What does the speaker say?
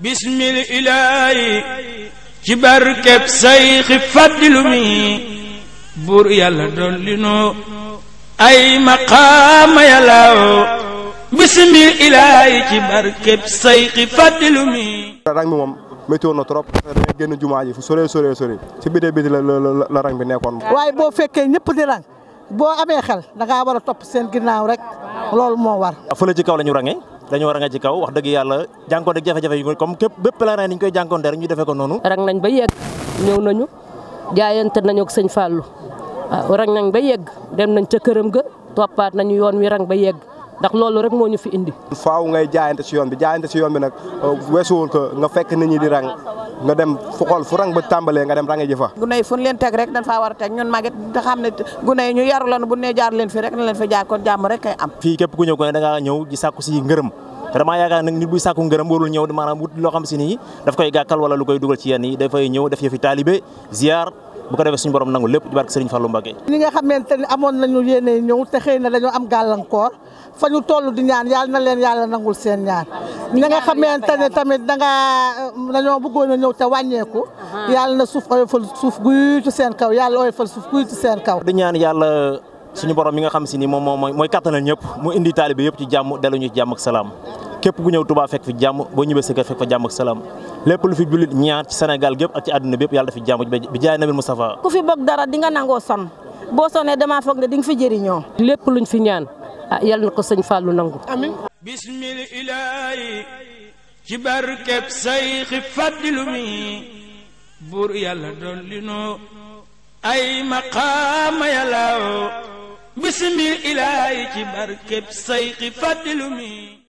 bismil ilaahi ci barkeb yàlla ay maqaama yàlla bismil ilaahi ci barkeb sayxi fàddilu rang bi moom météo na trop dangay génn jumaa ji fu sore sore sore si biti biti la rang bi nekkoon waaye boo fekkee ñëpp di rang boo amee xel da ngaa topp seen ginnaaw rek loolu moo war fële ci kaw lañu rangee dañoo war a nga ci kaw wax dëgg yàlla jànkoonte ak jafe-jafe yu comme képp bépp pèlerin niñ koy jànkoonte rek ñu defee ko noonu. rang nañ ba yegg ñëw nañu jaayante nañu ak sëñ Fallou waaw rang nañ ba yegg dem nañ ca këram ga toppaat nañu yoon wi rang ba yegg ndax loolu rek moo ñu fi indi. faaw ngay jaayante si yoon bi jaayante si yoon bi nag weesuwul ko nga fekk nit ñi di rang. nga dem fu xool fu rang ba tàmbalee nga dem range ji fa gune yi fu leen teg rek dañ faa war a teg ñun màgget te xam ne gune yi ñu yaru lan bu ne jaar leen fi rek na leen fi jaar kon jàmm rek kay am fii képp ku ñëw ko ne da ngaa ñëw di sàkku si ngërëm vraiment yaakaar nag nit buy sàkku ngërëm warul ñëw maanaam wut loo xam si nii daf koy gàkkal wala lu koy dugal ci yenn yi dafay ñëw def yëfi taalibe ziar bu ko defee suñu borom nangu lépp di barke Serigne Fallou Mbacké nga xamante ni amoon nañu yéene ñëw te xëy na dañoo am gàllankoor fa ñu toll di ñaan yàlla na leen yàlla nangul seen ñaan ña nga xamante ne tamit da nga dañoo bëggoon a ñëw te wàññeeku yàlla na suuf oyofal suuf guy ci seen kaw yàlla oyofal suuf guy ci seen kaw di ñaan yàlla suñu borom mi nga xam si ni moom moom mooy kattanal ñëpp mu indi taalibe yëpp ci jàmm delluñu ci jàmm ak salaam képp ku ñëw Touba fekk fi jàmm boo ñibbee sa kër fekk fa jàmm ak salaam lépp lu fi jullit ñaar ci Sénégal gépp ak ci àdduna bépp yàlla dafa jàmm bi jaay Nabil Moustapha ku fi bëgg dara di nga nangoo son boo sonee damaa foog ne di nga fi jëriñoo lépp luñ fi ñaan ah, yàlla na ko sëñ Fallou nangu amiin bismil ilaahi ci barkeb sayxi faddilu mi yàlla dolli noo ay